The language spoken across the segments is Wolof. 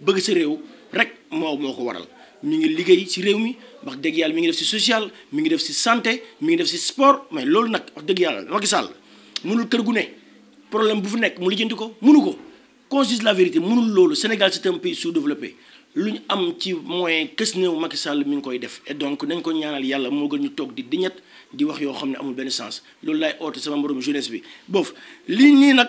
bëgg ci réew rek moo moo ko waral mi ngi liggéey ci réew mi wax dëgg yàlla mi ngi def ci social mi ngi def ci santé mi ngi def ci sport mais loolu nag wax dëgg yàlla Macky Sall mënul kër gu ne problème bu fu nekk mu lijjanti ko mënu ko qu'on la vérité mënul loolu Sénégal c'est un pays sous-développé lu ñu am ci moyen kës néew Macky Sall mi ngi koy def et donc nañ ko ñaanal yàlla moo gën ñu toog di diñet di wax yoo xam ne amul benn sens loolu laay oote sama mborom jeunesse bi boof li nii nag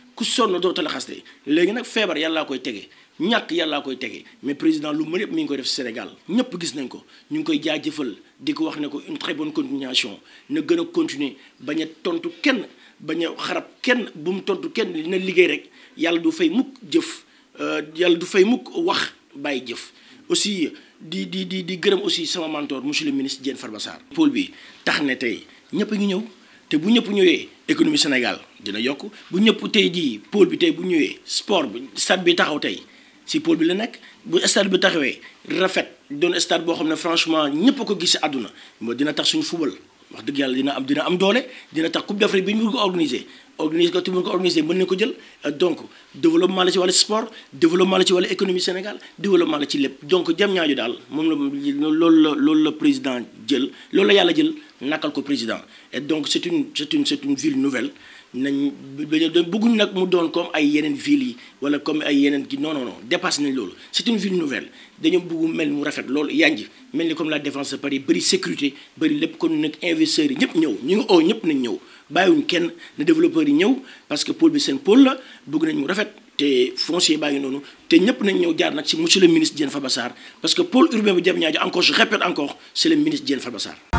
ku sonn dootal xaste léegi nag feebar yàllaa koy tege koy tege mais président lu mi ngi def Sénégal ñëpp gis nañ ko ñu ngi koy di ko wax ko une très bonne continuation Nous gën continuer bañ a tontu kenn bañ xarab kenn bu mu tontu kenn dina liggéey rek yàlla du fay mukk jëf euh, yàlla du fay mukk wax jëf aussi di di di di gërëm aussi sama mentor monsieur le ministre Diène Farba Sarr pôle bi tax ne tey ñëpp te bu ñëpp ñëwee économie Sénégal dina yokk bu ñëpp tey jii pôle bi tey bu ñëwee sport bi stade bi taxaw tey si pôle bi la nekk bu stade bi taxawee rafet doon stade boo xam ne franchement ñëpp ko gis si àdduna mo dina tax suñu football wax dëgg yàlla dina am dina am doole dina tax coupe d'Afrique bi ñu ko organiser organiser ko te ko organiser mën ko jël donc développement la ci wala sport développement la ci wala économie Sénégal développement la ci lépp donc jëm ñaaju daal moom la loolu la loolu la président jël loolu la yàlla jël nakal ko président et donc c'est une c'est une c'est une ville nouvelle nañ bëgguñ nag mu don comme ay yenen ville yi wala comme ay yenen ki non non non dépasse nañ lolu c'est une ville nouvelle dañu bëgg mel mu rafet loolu yanj mel ni comme la défense de Paris bari sécurité bari lepp kon nak investisseur yi ñëpp ñëw ñu ngi oo ñëpp nañ ñëw bayuñ kenn na développeur yi ñëw parce que pôle bi seen pôle la bëgg nañ mu rafet te foncier baa nonu té te ñëpp nañ ñëw jaar nak ci monsieur le ministre Diène Fabassar parce que pôle urbain bu Diamniadio encore je répète encore c'est le ministre Diène Fabassar